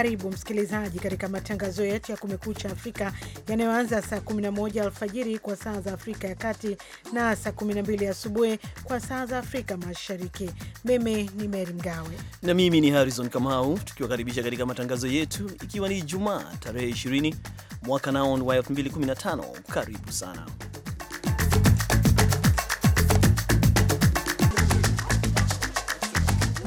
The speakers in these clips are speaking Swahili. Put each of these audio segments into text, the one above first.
Karibu msikilizaji katika matangazo yetu ya Kumekucha Afrika yanayoanza saa 11 alfajiri kwa saa za Afrika ya Kati na saa 12 asubuhi kwa saa za Afrika Mashariki. Mimi ni Meri Mgawe na mimi ni Harrison Kamau, tukiwakaribisha katika matangazo yetu, ikiwa ni Ijumaa tarehe 20 mwaka naon wa 2015. Karibu sana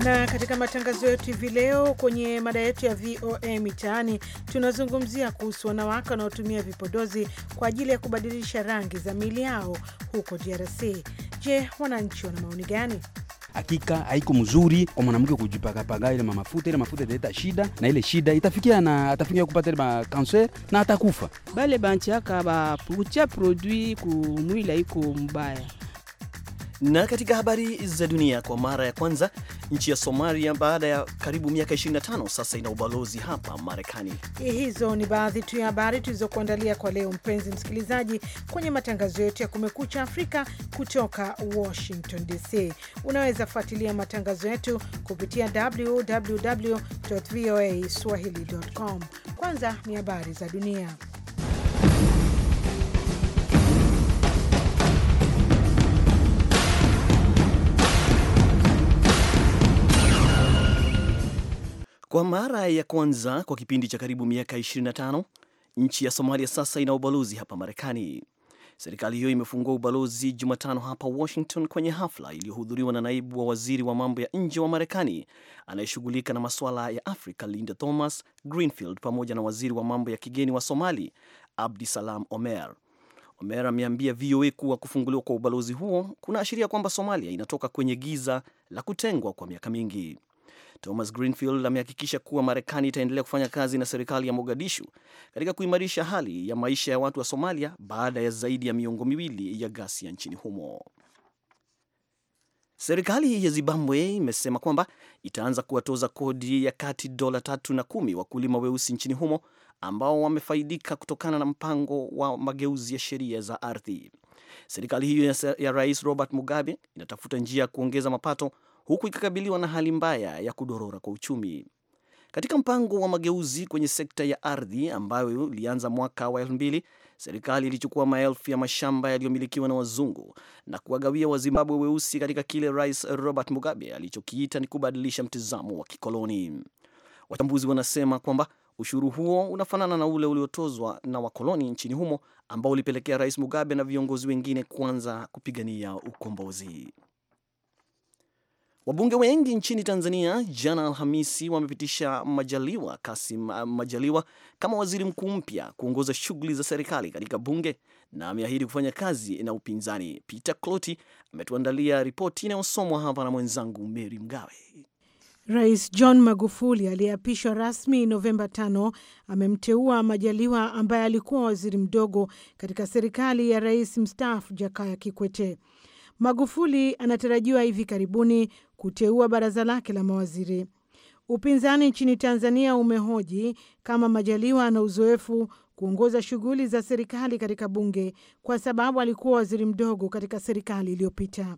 Na katika matangazo yetu hivi leo kwenye mada yetu ya VOA Mitaani tunazungumzia kuhusu wanawake wanaotumia vipodozi kwa ajili ya kubadilisha rangi za miili yao huko DRC. Je, wananchi wana maoni gani? Hakika haiko mzuri kwa mwanamke kujipagapaga ile mamafuta Ile mafuta italeta shida, na ile shida itafikia na atafikia kupata ile makanser na atakufa. Bale banchiaka bapucha produit kumwila iko mbaya na katika habari za dunia, kwa mara ya kwanza nchi ya Somalia baada ya karibu miaka 25 sasa ina ubalozi hapa Marekani. Hizo ni baadhi tu ya habari tulizokuandalia kwa leo, mpenzi msikilizaji, kwenye matangazo yetu ya Kumekucha Afrika kutoka Washington DC. Unaweza fuatilia matangazo yetu kupitia www voa swahili.com. Kwanza ni habari za dunia. Kwa mara ya kwanza kwa kipindi cha karibu miaka 25 nchi ya Somalia sasa ina ubalozi hapa Marekani. Serikali hiyo imefungua ubalozi Jumatano hapa Washington, kwenye hafla iliyohudhuriwa na naibu wa waziri wa mambo ya nje wa Marekani anayeshughulika na masuala ya Afrika Linda Thomas Greenfield pamoja na waziri wa mambo ya kigeni wa Somali Abdi Salam Omer. Omer ameambia VOA kuwa kufunguliwa kwa ubalozi huo kunaashiria kwamba Somalia inatoka kwenye giza la kutengwa kwa miaka mingi. Thomas Greenfield amehakikisha kuwa Marekani itaendelea kufanya kazi na serikali ya Mogadishu katika kuimarisha hali ya maisha ya watu wa Somalia baada ya zaidi ya miongo miwili ya ghasia nchini humo. Serikali ya Zimbabwe imesema kwamba itaanza kuwatoza kodi ya kati dola tatu na kumi wakulima weusi nchini humo ambao wamefaidika kutokana na mpango wa mageuzi ya sheria za ardhi. Serikali hiyo ya Rais Robert Mugabe inatafuta njia ya kuongeza mapato huku ikikabiliwa na hali mbaya ya kudorora kwa uchumi. Katika mpango wa mageuzi kwenye sekta ya ardhi ambayo ilianza mwaka wa elfu mbili, serikali ilichukua maelfu ya mashamba yaliyomilikiwa na wazungu na kuwagawia Wazimbabwe weusi katika kile Rais Robert Mugabe alichokiita ni kubadilisha mtizamo wa kikoloni. Wachambuzi wanasema kwamba ushuru huo unafanana na ule uliotozwa na wakoloni nchini humo ambao ulipelekea Rais Mugabe na viongozi wengine kuanza kupigania ukombozi. Wabunge wengi nchini Tanzania jana Alhamisi wamepitisha Majaliwa Kasim ah, Majaliwa kama waziri mkuu mpya kuongoza shughuli za serikali katika bunge na ameahidi kufanya kazi na upinzani. Peter cloti ametuandalia ripoti inayosomwa hapa na mwenzangu Meri Mgawe. Rais John Magufuli aliyeapishwa rasmi Novemba 5 amemteua Majaliwa ambaye alikuwa waziri mdogo katika serikali ya rais mstaafu Jakaya Kikwete. Magufuli anatarajiwa hivi karibuni kuteua baraza lake la mawaziri. Upinzani nchini Tanzania umehoji kama Majaliwa ana uzoefu kuongoza shughuli za serikali katika bunge kwa sababu alikuwa waziri mdogo katika serikali iliyopita.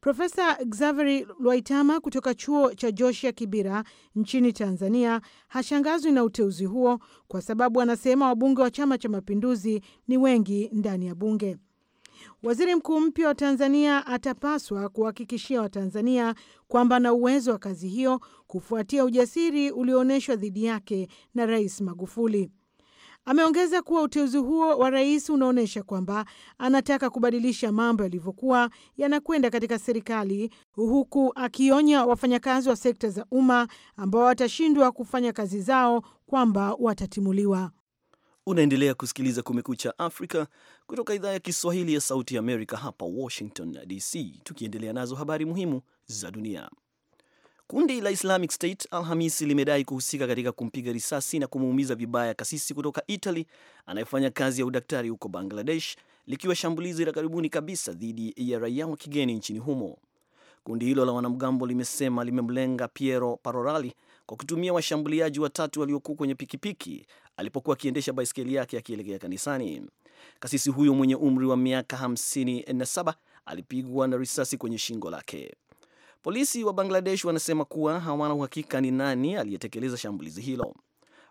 Profesa Xaveri Lwaitama kutoka chuo cha Joshia Kibira nchini Tanzania hashangazwi na uteuzi huo kwa sababu anasema wabunge wa Chama cha Mapinduzi ni wengi ndani ya bunge. Waziri mkuu mpya wa Tanzania atapaswa kuhakikishia Watanzania kwamba ana uwezo wa kazi hiyo kufuatia ujasiri ulioonyeshwa dhidi yake na Rais Magufuli. Ameongeza kuwa uteuzi huo wa rais unaonyesha kwamba anataka kubadilisha mambo yalivyokuwa yanakwenda katika serikali, huku akionya wafanyakazi wa sekta za umma ambao watashindwa kufanya kazi zao kwamba watatimuliwa. Unaendelea kusikiliza Kumekucha Afrika kutoka idhaa ya Kiswahili ya Sauti ya Amerika hapa Washington DC, tukiendelea nazo habari muhimu za dunia. Kundi la Islamic State Alhamisi limedai kuhusika katika kumpiga risasi na kumuumiza vibaya kasisi kutoka Italy anayefanya kazi ya udaktari huko Bangladesh, likiwa shambulizi la karibuni kabisa dhidi ya raia wa kigeni nchini humo. Kundi hilo la wanamgambo limesema limemlenga Piero Parolari kwa kutumia washambuliaji watatu waliokuwa kwenye pikipiki alipokuwa akiendesha baiskeli yake akielekea kanisani. Kasisi huyo mwenye umri wa miaka 57 alipigwa na risasi kwenye shingo lake. Polisi wa Bangladesh wanasema kuwa hawana uhakika ni nani aliyetekeleza shambulizi hilo.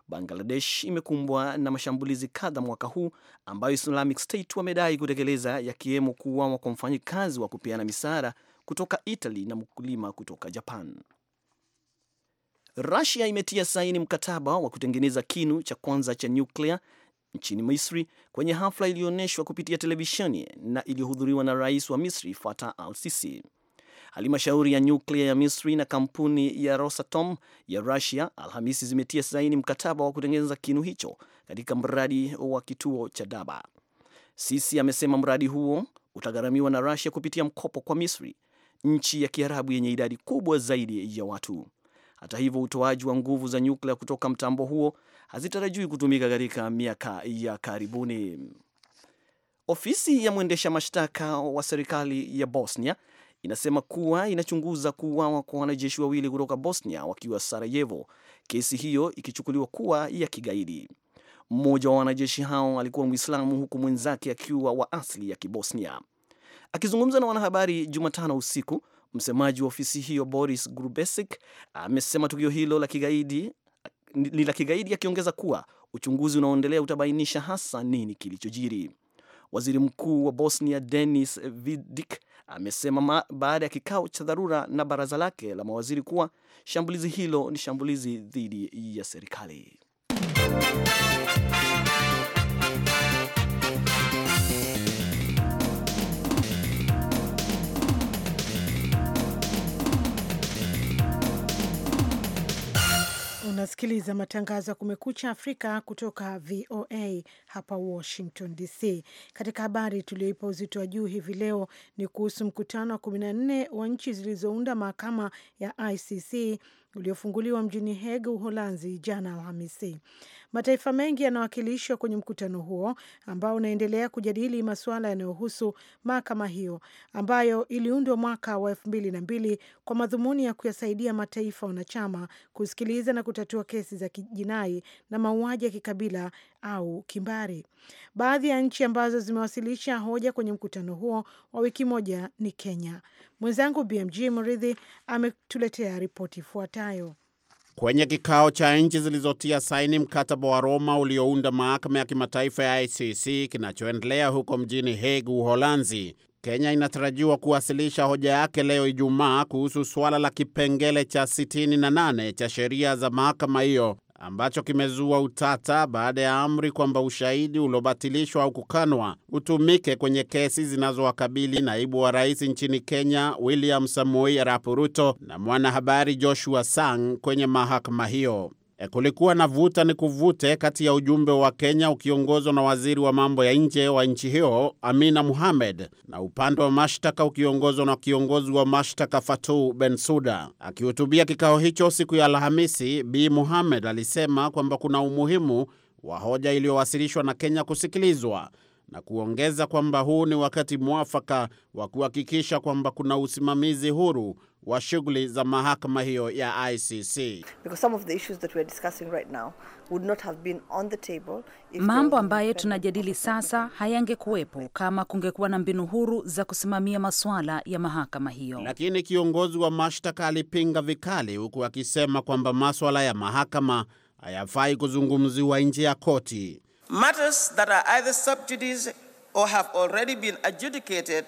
Bangladesh imekumbwa na mashambulizi kadha mwaka huu ambayo Islamic State wamedai kutekeleza, yakiwemo kuuawa kwa mfanyikazi wa kupeana misaada kutoka Italy na mkulima kutoka Japan rasia imetia saini mkataba wa kutengeneza kinu cha kwanza cha nyuklia nchini Misri kwenye hafla iliyoonyeshwa kupitia televisheni na iliyohudhuriwa na rais wa Misri Fatah al-Sisi. Halmashauri ya nyuklia ya Misri na kampuni ya Rosatom ya rasia Alhamisi zimetia saini mkataba wa kutengeneza kinu hicho katika mradi wa kituo cha Daba. Sisi amesema mradi huo utagharamiwa na rasia kupitia mkopo kwa Misri, nchi ya Kiarabu yenye idadi kubwa zaidi ya watu. Hata hivyo, utoaji wa nguvu za nyuklia kutoka mtambo huo hazitarajiwi kutumika katika miaka ya karibuni. Ofisi ya mwendesha mashtaka wa serikali ya Bosnia inasema kuwa inachunguza kuuawa kwa wanajeshi wawili kutoka Bosnia wakiwa Sarajevo, kesi hiyo ikichukuliwa kuwa ya kigaidi. Mmoja wa wanajeshi hao alikuwa Mwislamu huku mwenzake akiwa wa asili ya Kibosnia. Akizungumza na wanahabari Jumatano usiku, Msemaji wa ofisi hiyo Boris Grubesik amesema tukio hilo la kigaidi ni la kigaidi, akiongeza kuwa uchunguzi unaoendelea utabainisha hasa nini kilichojiri. Waziri Mkuu wa Bosnia Denis Vidik amesema baada ya kikao cha dharura na baraza lake la mawaziri kuwa shambulizi hilo ni shambulizi dhidi ya serikali. Unasikiliza matangazo ya Kumekucha Afrika kutoka VOA hapa Washington DC. Katika habari tulioipa uzito wa juu hivi leo ni kuhusu mkutano wa 14 wa nchi zilizounda mahakama ya ICC uliofunguliwa mjini Hague, Uholanzi, jana Alhamisi. Mataifa mengi yanawakilishwa kwenye mkutano huo ambao unaendelea kujadili masuala yanayohusu mahakama hiyo ambayo iliundwa mwaka wa elfu mbili na mbili kwa madhumuni ya kuyasaidia mataifa wanachama kusikiliza na kutatua kesi za kijinai na mauaji ya kikabila au kimbari. Baadhi ya nchi ambazo zimewasilisha hoja kwenye mkutano huo wa wiki moja ni Kenya. Mwenzangu BMG Mridhi ametuletea ripoti ifuatayo kwenye kikao cha nchi zilizotia saini mkataba wa Roma uliounda mahakama ya kimataifa ya ICC kinachoendelea huko mjini Hague, Uholanzi. Kenya inatarajiwa kuwasilisha hoja yake leo Ijumaa kuhusu suala la kipengele cha 68 cha sheria za mahakama hiyo ambacho kimezua utata baada ya amri kwamba ushahidi uliobatilishwa au kukanwa utumike kwenye kesi zinazowakabili naibu wa rais nchini Kenya William Samoei Arap Ruto na mwanahabari Joshua Sang kwenye mahakama hiyo. Eh, kulikuwa na vuta ni kuvute kati ya ujumbe wa Kenya ukiongozwa na waziri wa mambo ya nje wa nchi hiyo Amina Mohamed na upande wa mashtaka ukiongozwa na kiongozi wa mashtaka Fatou Bensouda. Akihutubia kikao hicho siku ya Alhamisi, Bi Mohamed alisema kwamba kuna umuhimu wa hoja iliyowasilishwa na Kenya kusikilizwa na kuongeza kwamba huu ni wakati mwafaka wa kuhakikisha kwamba kuna usimamizi huru wa shughuli za mahakama hiyo ya ICC. Right now, mambo ambayo tunajadili sasa hayangekuwepo kama kungekuwa na mbinu huru za kusimamia masuala ya mahakama hiyo. Lakini kiongozi wa mashtaka alipinga vikali, huku akisema kwamba maswala ya mahakama hayafai kuzungumziwa nje ya koti. Matters that are either subsidies or have already been adjudicated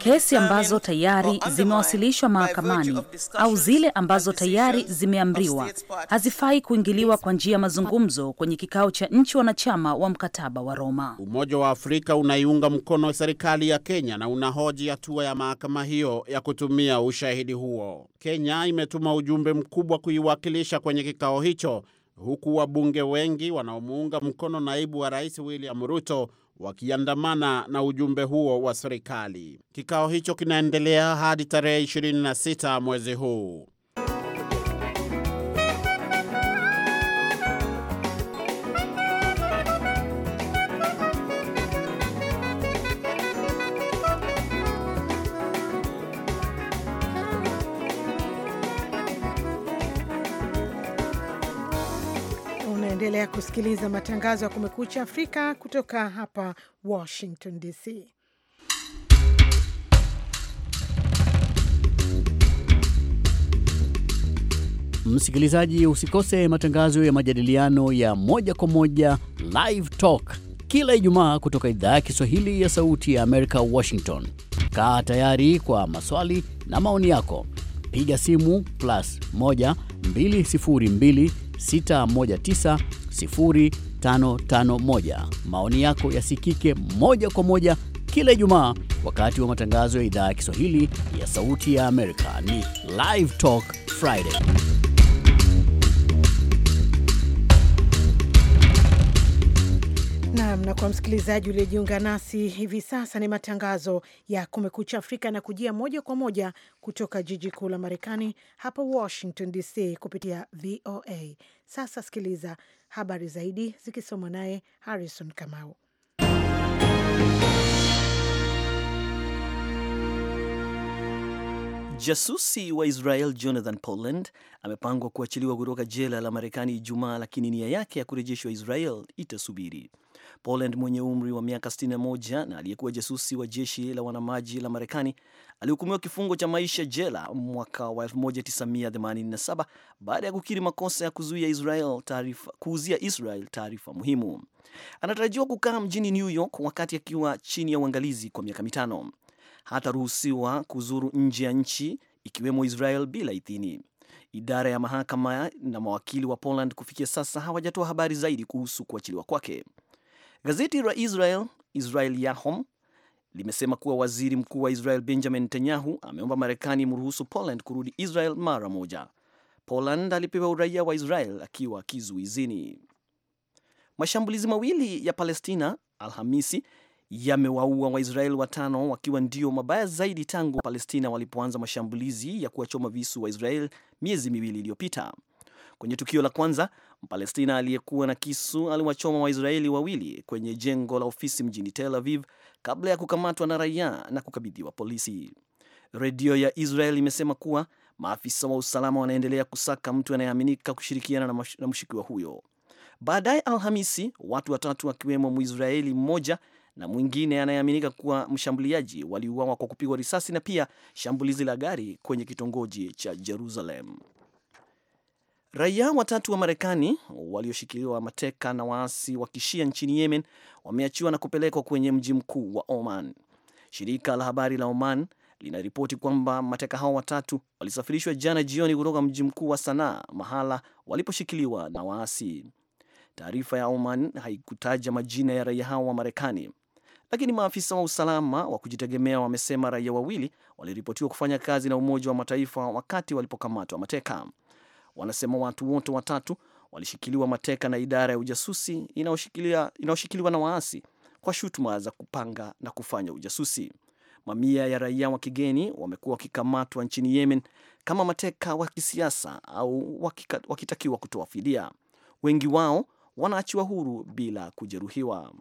Kesi ambazo tayari zimewasilishwa mahakamani au zile ambazo tayari zimeamriwa hazifai kuingiliwa kwa njia ya mazungumzo kwenye kikao cha nchi wanachama wa mkataba wa Roma. Umoja wa Afrika unaiunga mkono serikali ya Kenya na unahoji hatua ya mahakama hiyo ya kutumia ushahidi huo. Kenya imetuma ujumbe mkubwa kuiwakilisha kwenye kikao hicho huku wabunge wengi wanaomuunga mkono naibu wa rais William Ruto wakiandamana na ujumbe huo wa serikali. Kikao hicho kinaendelea hadi tarehe 26 mwezi huu. Unaendelea kusikiliza matangazo ya Kumekucha Afrika kutoka hapa Washington DC. Msikilizaji, usikose matangazo ya majadiliano ya moja kwa moja, Live Talk, kila Ijumaa kutoka idhaa ya Kiswahili ya Sauti ya Amerika, Washington. Kaa tayari kwa maswali na maoni yako, piga simu plus 1 202 619 0551. Maoni yako yasikike moja kwa moja kila Ijumaa wakati wa matangazo ya idhaa ya Kiswahili ya Sauti ya Amerika. Ni Live Talk Friday. Naam, na kwa msikilizaji uliyejiunga nasi hivi sasa, ni matangazo ya Kumekucha Afrika na kujia moja kwa moja kutoka jiji kuu la Marekani, hapa Washington DC, kupitia VOA. Sasa sikiliza Habari zaidi zikisomwa naye Harrison Kamau. Jasusi wa Israel Jonathan Poland amepangwa kuachiliwa kutoka jela la Marekani Ijumaa, lakini nia yake ya kurejeshwa Israel itasubiri. Poland mwenye umri wa miaka 61 na aliyekuwa jasusi wa jeshi la wanamaji la Marekani alihukumiwa kifungo cha maisha jela mwaka wa 1987 baada ya kukiri makosa ya kuzuia Israel taarifa, kuuzia Israel taarifa muhimu. Anatarajiwa kukaa mjini New York wakati akiwa chini ya uangalizi kwa miaka mitano. Hataruhusiwa kuzuru nje ya nchi ikiwemo Israel bila idhini. Idara ya mahakama na mawakili wa Poland kufikia sasa hawajatoa habari zaidi kuhusu kuachiliwa kwake. Gazeti la Israel Israel Yahom limesema kuwa waziri mkuu wa Israel Benjamin Netanyahu ameomba Marekani mruhusu Poland kurudi Israel mara moja. Poland alipewa uraia wa Israel akiwa kizuizini. Mashambulizi mawili ya Palestina Alhamisi yamewaua Waisrael watano wakiwa ndio mabaya zaidi tangu palestina walipoanza mashambulizi ya kuwachoma visu Waisrael miezi miwili iliyopita. Kwenye tukio la kwanza, Mpalestina aliyekuwa na kisu aliwachoma Waisraeli wawili kwenye jengo la ofisi mjini Tel Aviv kabla ya kukamatwa na raia na kukabidhiwa polisi. Redio ya Israel imesema kuwa maafisa wa usalama wanaendelea kusaka mtu anayeaminika kushirikiana na mshukiwa huyo. Baadaye Alhamisi, watu watatu wakiwemo Mwisraeli mmoja na mwingine anayeaminika kuwa mshambuliaji waliuawa kwa kupigwa risasi na pia shambulizi la gari kwenye kitongoji cha Jerusalem. Raia watatu wa Marekani walioshikiliwa mateka na waasi wa kishia nchini Yemen wameachiwa na kupelekwa kwenye mji mkuu wa Oman. Shirika la habari la Oman linaripoti kwamba mateka hao watatu walisafirishwa jana jioni kutoka mji mkuu wa Sanaa, mahala waliposhikiliwa na waasi. Taarifa ya Oman haikutaja majina ya raia hao wa Marekani, lakini maafisa wa usalama wa kujitegemea wamesema raia wawili waliripotiwa kufanya kazi na Umoja wa Mataifa wakati walipokamatwa mateka wanasema watu wote watatu walishikiliwa mateka na idara ya ujasusi inayoshikiliwa na waasi kwa shutuma za kupanga na kufanya ujasusi. Mamia ya raia wa kigeni wamekuwa wakikamatwa nchini Yemen kama mateka wa kisiasa au wakitakiwa kutoa fidia. Wengi wao wanaachiwa huru bila kujeruhiwa.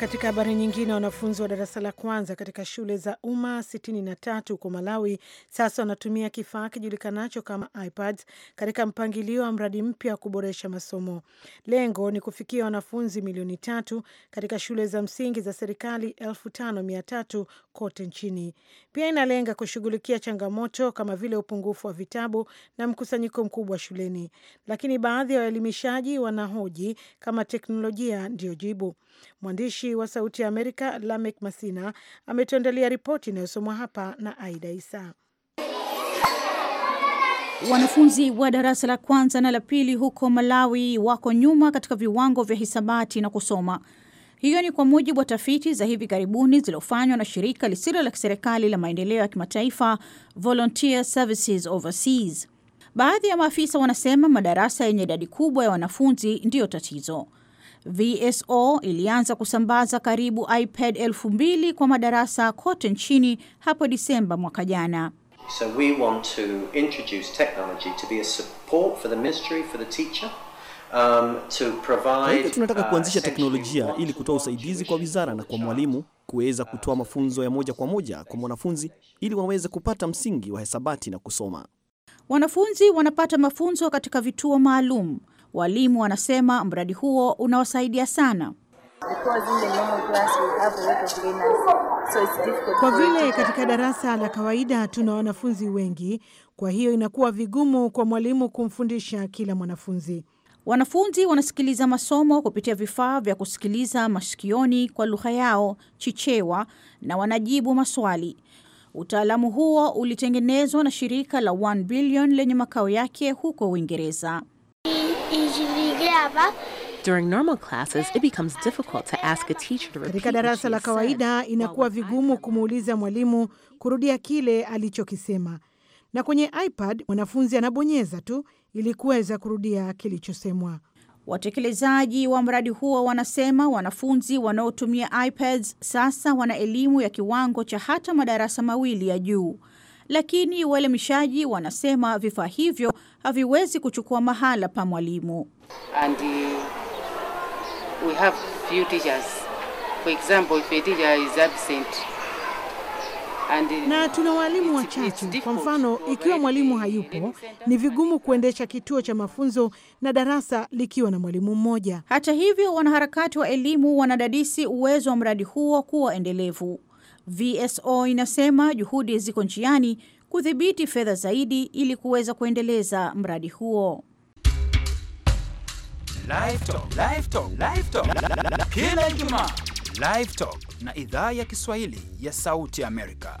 Katika habari nyingine, wanafunzi wa darasa la kwanza katika shule za umma 63 huko Malawi sasa wanatumia kifaa kijulikanacho kama iPads katika mpangilio wa mradi mpya wa kuboresha masomo. Lengo ni kufikia wanafunzi milioni tatu katika shule za msingi za serikali elfu tano mia tatu kote nchini. Pia inalenga kushughulikia changamoto kama vile upungufu wa vitabu na mkusanyiko mkubwa shuleni, lakini baadhi ya wa waelimishaji wanahoji kama teknolojia ndiyo jibu. Mwandishi wa Sauti ya Amerika Lamek Masina ametuandalia ripoti inayosomwa hapa na Aida Isa. Wanafunzi wa darasa la kwanza na la pili huko Malawi wako nyuma katika viwango vya hisabati na kusoma. Hiyo ni kwa mujibu wa tafiti za hivi karibuni zilizofanywa na shirika lisilo la kiserikali la maendeleo ya kimataifa Volunteer Services Overseas. Baadhi ya maafisa wanasema madarasa yenye idadi kubwa ya wanafunzi ndiyo tatizo. VSO ilianza kusambaza karibu iPad elfu mbili kwa madarasa kote nchini hapo Disemba mwaka jana. So we want to introduce technology to be a support for the ministry, for the teacher Um, to provide, hivyo tunataka uh, kuanzisha teknolojia ili kutoa usaidizi kwa wizara na kwa mwalimu kuweza kutoa mafunzo ya moja kwa moja kwa mwanafunzi ili waweze kupata msingi wa hesabati na kusoma. Wanafunzi wanapata mafunzo katika vituo maalum. Walimu wanasema mradi huo unawasaidia sana. Kwa vile katika darasa la kawaida tuna wanafunzi wengi, kwa hiyo inakuwa vigumu kwa mwalimu kumfundisha kila mwanafunzi. Wanafunzi wanasikiliza masomo kupitia vifaa vya kusikiliza masikioni kwa lugha yao Chichewa na wanajibu maswali. Utaalamu huo ulitengenezwa na shirika la One Billion lenye makao yake huko Uingereza. Katika darasa la kawaida inakuwa vigumu kumuuliza mwalimu kurudia kile alichokisema, na kwenye iPad mwanafunzi anabonyeza tu ili kuweza kurudia kilichosemwa. Watekelezaji wa mradi huo wanasema wanafunzi wanaotumia iPads sasa wana elimu ya kiwango cha hata madarasa mawili ya juu, lakini waelimishaji wanasema vifaa hivyo haviwezi kuchukua mahala pa mwalimu. Uh, na tuna walimu wachache. Kwa mfano, ikiwa mwalimu hayupo, ni vigumu kuendesha kituo cha mafunzo na darasa likiwa na mwalimu mmoja. Hata hivyo, wanaharakati wa elimu wanadadisi uwezo wa mradi huo kuwa endelevu. VSO inasema juhudi ziko njiani kudhibiti fedha zaidi ili kuweza kuendeleza mradi huo. Kila Ijumaa Live Talk na idhaa ya Kiswahili ya Sauti Amerika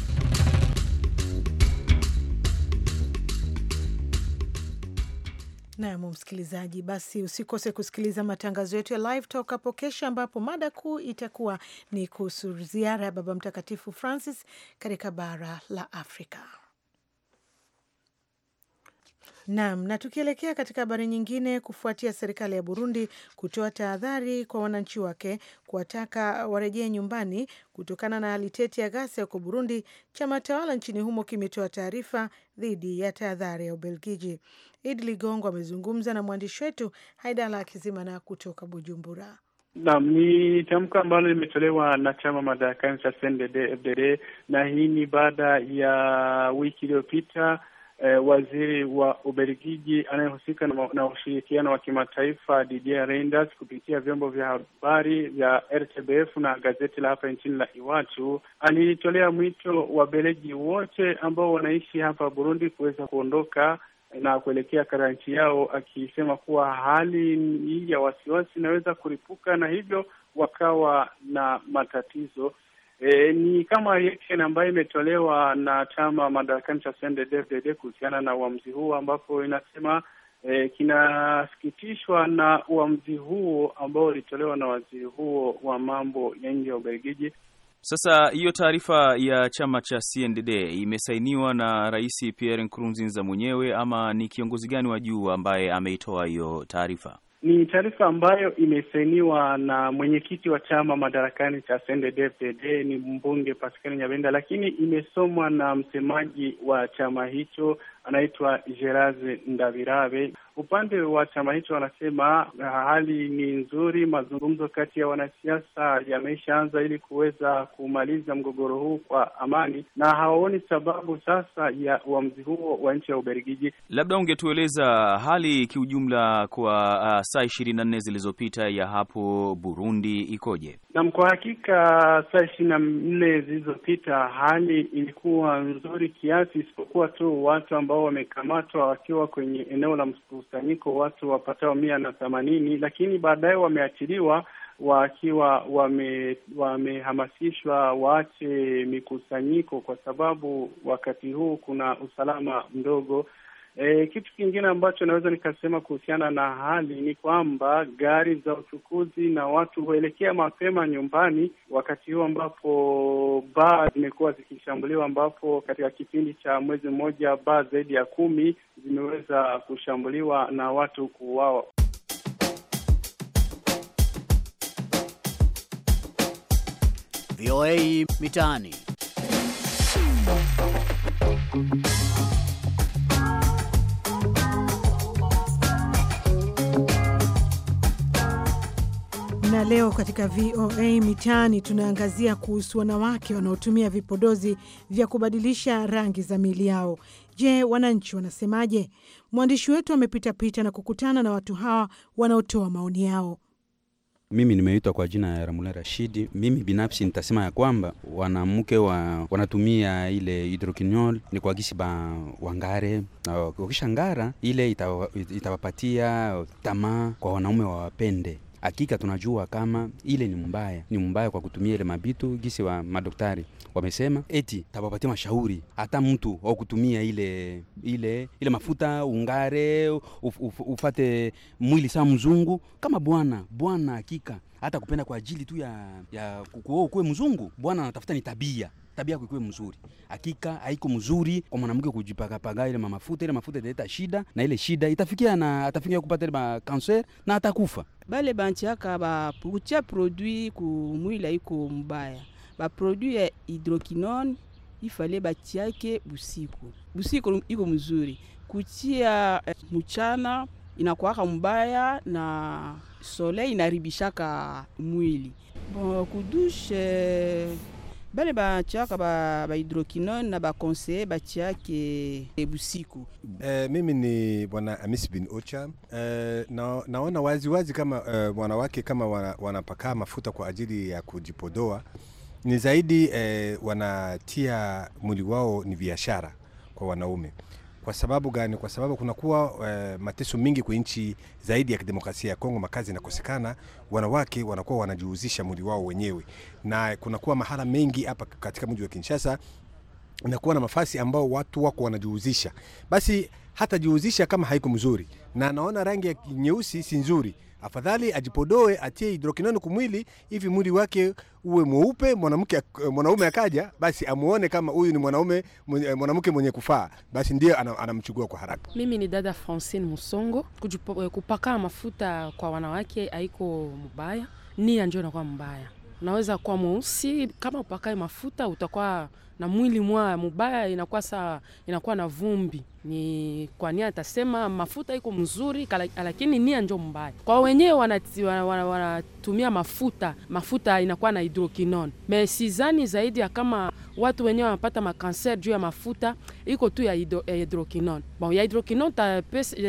Nam msikilizaji, basi usikose kusikiliza matangazo yetu ya Live Talk hapo kesho, ambapo mada kuu itakuwa ni kuhusu ziara ya Baba Mtakatifu Francis katika bara la Afrika. Naam, na tukielekea katika habari nyingine, kufuatia serikali ya Burundi kutoa tahadhari kwa wananchi wake kuwataka warejee nyumbani kutokana na hali tete ya ghasia huko Burundi, chama tawala nchini humo kimetoa taarifa dhidi ya tahadhari ya Ubelgiji. Idi Ligongo amezungumza na mwandishi wetu Haidala Akizimana kutoka Bujumbura. Naam, ni tamko ambalo limetolewa na chama madarakani cha CNDD-FDD na hii ni baada ya wiki iliyopita eh, waziri wa Ubelgiji anayehusika na, na ushirikiano wa kimataifa Didier Reynders kupitia vyombo vya habari vya RTBF na gazeti la hapa nchini la Iwachu alitolea mwito Beleji wote ambao wanaishi hapa Burundi kuweza kuondoka na kuelekea katika nchi yao, akisema kuwa hali hii ya wasiwasi inaweza kuripuka na hivyo wakawa na matatizo. E, ni kama reaction ambayo imetolewa na chama madarakani cha CNDD-FDD kuhusiana na uamuzi huo, ambapo inasema e, kinasikitishwa na uamuzi huo ambao ulitolewa na waziri huo wa mambo ya nje ya Ubelgiji. Sasa hiyo taarifa ya chama cha CNDD imesainiwa na Rais Pierre Nkurunziza mwenyewe ama ni kiongozi gani wa juu ambaye ameitoa hiyo taarifa? Ni taarifa ambayo imesainiwa na mwenyekiti wa chama madarakani cha CNDD-FDD ni mbunge Pascal Nyabenda, lakini imesomwa na msemaji wa chama hicho anaitwa Geraze Ndabirabe. Upande wa chama hicho wanasema ah, hali ni nzuri, mazungumzo kati ya wanasiasa yameshaanza ili kuweza kumaliza mgogoro huu kwa amani, na hawaoni sababu sasa ya uamuzi huo wa nchi ya Ubelgiji. Labda ungetueleza hali kiujumla kwa uh, saa ishirini na nne zilizopita ya hapo Burundi ikoje? Nam, kwa hakika saa ishirini na nne zilizopita hali ilikuwa nzuri kiasi, isipokuwa tu watu ambao wamekamatwa wakiwa kwenye eneo la mkusanyiko watu wapatao mia na themanini, lakini baadaye wameachiliwa wakiwa wamehamasishwa wame waache mikusanyiko, kwa sababu wakati huu kuna usalama mdogo E, kitu kingine ambacho naweza nikasema kuhusiana na hali ni kwamba gari za uchukuzi na watu huelekea mapema nyumbani wakati huu ambapo baa zimekuwa zikishambuliwa, ambapo katika kipindi cha mwezi mmoja baa zaidi ya kumi zimeweza kushambuliwa na watu kuuawa. VOA Mitaani. ya leo katika VOA Mitaani tunaangazia kuhusu wanawake wanaotumia vipodozi vya kubadilisha rangi za miili yao. Je, wananchi wanasemaje? Mwandishi wetu amepitapita na kukutana na watu hawa wanaotoa maoni yao. Mimi nimeitwa kwa jina ya Ramula Rashidi. Mimi binafsi nitasema ya kwamba wanamke wa, wanatumia ile hidroquinol ni kwa wangare ba wangare, ngara ile itawapatia tamaa kwa wanaume wawapende Hakika tunajua kama ile ni mbaya, ni mbaya kwa kutumia ile mabitu gisi wa madaktari wamesema eti tabapatia mashauri, hata mtu wa kutumia ile ile ile mafuta ungare uf, uf, ufate mwili saa mzungu kama bwana bwana. Hakika hata kupenda kwa ajili tu ya, ya kukuoa ukuwe mzungu, bwana anatafuta ni tabia tabia yako ikuwe mzuri. Hakika haiko mzuri kwa mwanamke kujipakapaga ile mafuta, ile mafuta italeta shida, na ile shida itafikia na atafikia kupata ile kanser na atakufa. Bale banchiaka bakutia produit kumwila iko mbaya, baproduit ya hydroquinone ifale batiake busiku, busiku iko mzuri, kutia eh, mchana inakuwaka mbaya na soleil inaribishaka mwili. Bon, kudushe bale batia ka ba, hydroquinone na bakonseye batia ke busiku. Eh, mimi ni bwana Amis bin Ocha. Eh, na, naona waziwazi wazi kama eh, wanawake kama wana, wanapakaa mafuta kwa ajili ya kujipodoa ni zaidi eh, wanatia mwili wao ni biashara kwa wanaume kwa sababu gani? Kwa sababu kunakuwa e, mateso mingi kwa nchi zaidi ya kidemokrasia ya Kongo, makazi yanakosekana, wanawake wanakuwa wanajihuzisha mwili wao wenyewe, na kunakuwa mahala mengi hapa katika mji wa Kinshasa nakuwa na mafasi ambao watu wako wanajihuzisha basi hata jihusisha kama haiko mzuri, na naona rangi ya nyeusi si nzuri afadhali ajipodoe atie hidrokinoni kumwili, hivi mwili wake uwe mweupe, mwanamke mwanaume akaja, basi amuone kama huyu ni mwanaume mwanamke mwenye kufaa, basi ndiyo anamchugua kwa haraka. Mimi ni dada Francine Musongo. Eh, kupaka mafuta kwa wanawake haiko mubaya, nia ndio inakuwa mbaya unaweza kuwa mweusi kama upakae mafuta utakuwa na mwili mwa mubaya, inakuwa sa inakuwa na vumbi. Ni kwa nia atasema mafuta iko mzuri, lakini nia njo mbaya. Kwa wenyewe wanatumia wana, wana, wana mafuta mafuta inakuwa na hidrokinon me sizani zaidi ya kama watu wenyewe wanapata makanser juu ya mafuta iko tu ya, hidro, ya hidrokinone. Bon, ya hidrokinone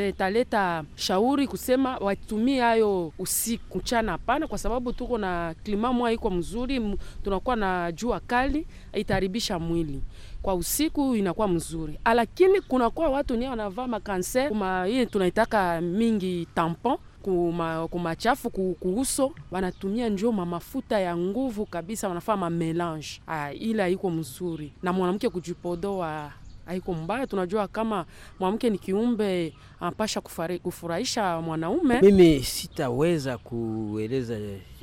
italeta eh, shauri kusema watumie hayo usiku mchana, hapana, kwa sababu tuko na klima mwa iko mzuri, tunakuwa na jua kali, itaharibisha mwili kwa usiku inakuwa mzuri, ah, lakini kunakuwa watu wenyewe wanavaa makanser hii tunaitaka mingi tampon kuma, kumachafu kuuso wanatumia njo mamafuta ya nguvu kabisa, wanafaa mamelange ah, ile haiko mzuri na mwanamke kujipodoa haiko mbaya. Tunajua kama mwanamke ni kiumbe anapasha kufurahisha mwanaume. Mimi sitaweza kueleza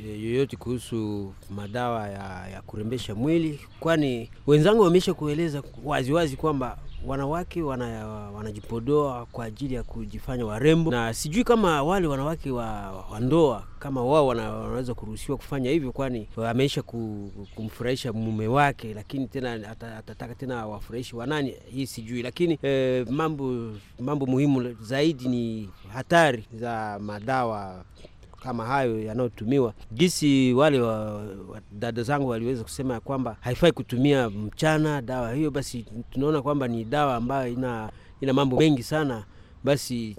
yoyote kuhusu madawa ya, ya kurembesha mwili, kwani wenzangu wameisha kueleza waziwazi kwamba wanawake wana, wanajipodoa kwa ajili ya kujifanya warembo, na sijui kama wale wanawake wa, wa ndoa kama wao wana, wanaweza kuruhusiwa kufanya hivyo, kwani ameisha kumfurahisha mume wake, lakini tena atataka tena wafurahishi wanani? Hii sijui, lakini eh, mambo mambo muhimu zaidi ni hatari za madawa kama hayo yanayotumiwa, jinsi wale wa, wa dada zangu waliweza kusema ya kwamba haifai kutumia mchana dawa hiyo, basi tunaona kwamba ni dawa ambayo ina, ina mambo mengi sana basi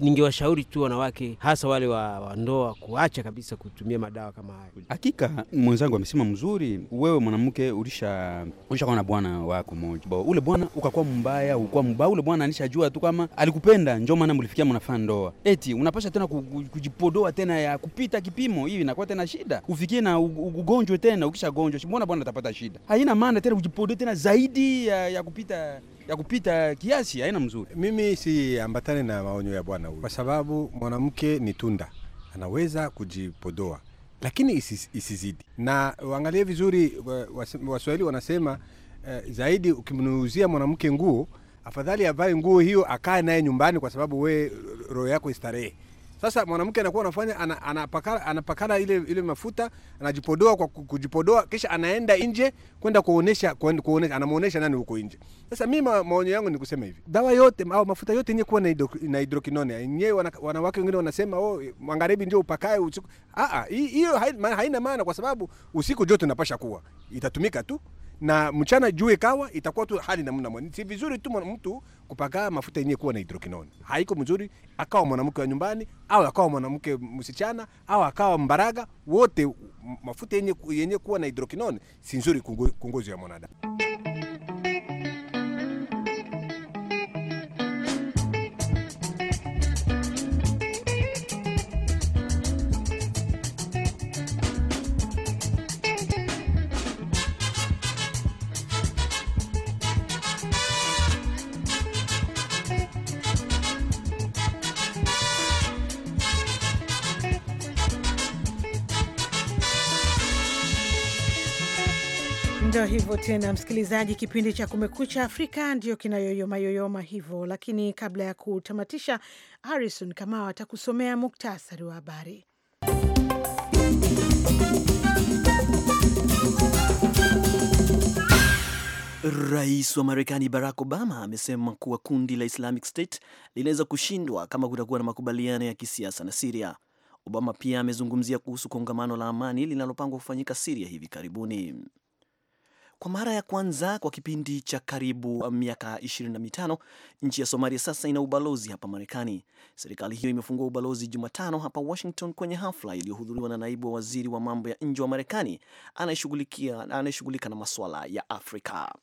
ningewashauri tu wanawake hasa wale wa, wa ndoa kuacha kabisa kutumia madawa kama hayo. Hakika mwenzangu amesema mzuri. Wewe mwanamke ulisha ulishakuwa na bwana wako moja, ule bwana ukakuwa mbaya, ukuwa mbaya, ule bwana alishajua tu kama alikupenda, njo maana mlifikia mnafaa ndoa. Eti unapasha tena kujipodoa tena ya kupita kipimo, hivi inakuwa tena shida, ufikie na ugonjwe tena. Ukishagonjwa mbona bwana atapata shida, haina maana tena kujipodoa tena zaidi ya, ya kupita ya kupita kiasi haina mzuri. Mimi si ambatane na maonyo ya bwana huyu, kwa sababu mwanamke ni tunda, anaweza kujipodoa lakini isizidi. Na uangalie vizuri, Waswahili wanasema eh, zaidi ukimnuuzia mwanamke nguo afadhali avae nguo hiyo, akae naye nyumbani, kwa sababu we roho yako istarehe. Sasa mwanamke anakuwa anafanya anapakala anapakana ile, ile mafuta anajipodoa kwa kujipodoa, kisha anaenda nje kwenda kuonesha, kuonesha anamuonesha nani huko nje. Sasa mi maonyo yangu ni kusema hivi, dawa yote au mafuta yote yenye kuwa na hidrokinone yenyewe, wanawake wengine wanasema oh, magharibi ndio upakae usiku. Ah, hiyo haina maana, kwa sababu usiku joto unapasha kuwa itatumika tu na mchana juu ikawa itakuwa tu hali namna moja. Si vizuri tu mtu kupaka mafuta yenye kuwa na hidrokinoni, haiko mzuri. Akawa mwanamke wa nyumbani au akawa mwanamke msichana au akawa mbaraga, wote mafuta yenye, yenye kuwa na hidrokinoni si nzuri kungozi ya mwanadamu. hivyo tena, msikilizaji, kipindi cha Kumekucha Afrika ndio kinayoyoma yoyoma hivyo, lakini kabla ya kutamatisha, Harrison Kamau atakusomea muktasari wa habari. Rais wa Marekani Barack Obama amesema kuwa kundi la Islamic State linaweza kushindwa kama kutakuwa na makubaliano ya kisiasa na Siria. Obama pia amezungumzia kuhusu kongamano la amani linalopangwa kufanyika Siria hivi karibuni. Kwa mara ya kwanza kwa kipindi cha karibu uh, miaka 25 nchi ya Somalia sasa ina ubalozi hapa Marekani. Serikali hiyo imefungua ubalozi Jumatano hapa Washington, kwenye hafla iliyohudhuriwa na naibu wa waziri wa mambo ya nje wa Marekani anayeshughulika na masuala ya Afrika.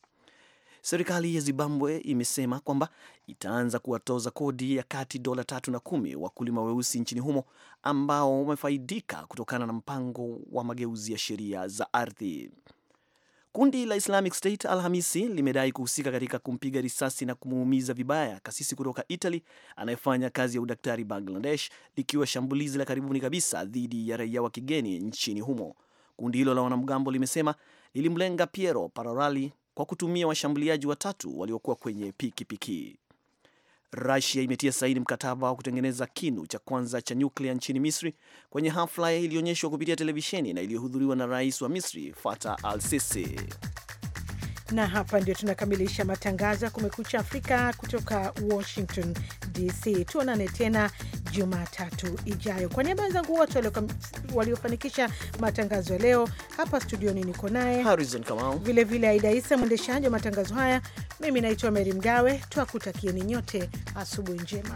Serikali ya Zimbabwe imesema kwamba itaanza kuwatoza kodi ya kati dola tatu na kumi wakulima weusi nchini humo ambao wamefaidika kutokana na mpango wa mageuzi ya sheria za ardhi. Kundi la Islamic State Alhamisi limedai kuhusika katika kumpiga risasi na kumuumiza vibaya kasisi kutoka Italy anayefanya kazi ya udaktari Bangladesh, likiwa shambulizi la karibuni kabisa dhidi ya raia wa kigeni nchini humo. Kundi hilo la wanamgambo limesema lilimlenga Piero Parolari kwa kutumia washambuliaji watatu waliokuwa kwenye pikipiki piki. Rusia imetia saini mkataba wa kutengeneza kinu cha kwanza cha nyuklia nchini Misri kwenye hafla iliyoonyeshwa kupitia televisheni na iliyohudhuriwa na rais wa Misri Fatah al Sisi na hapa ndio tunakamilisha matangazo ya Kumekucha Afrika kutoka Washington DC. Tuonane tena Jumatatu ijayo. Kwa niaba wenzangu wote waliofanikisha matangazo ya leo, hapa studioni niko naye Harrison Kamau, vilevile Aida Isa mwendeshaji wa matangazo haya. Mimi naitwa Meri Mgawe, twakutakieni nyote asubuhi njema.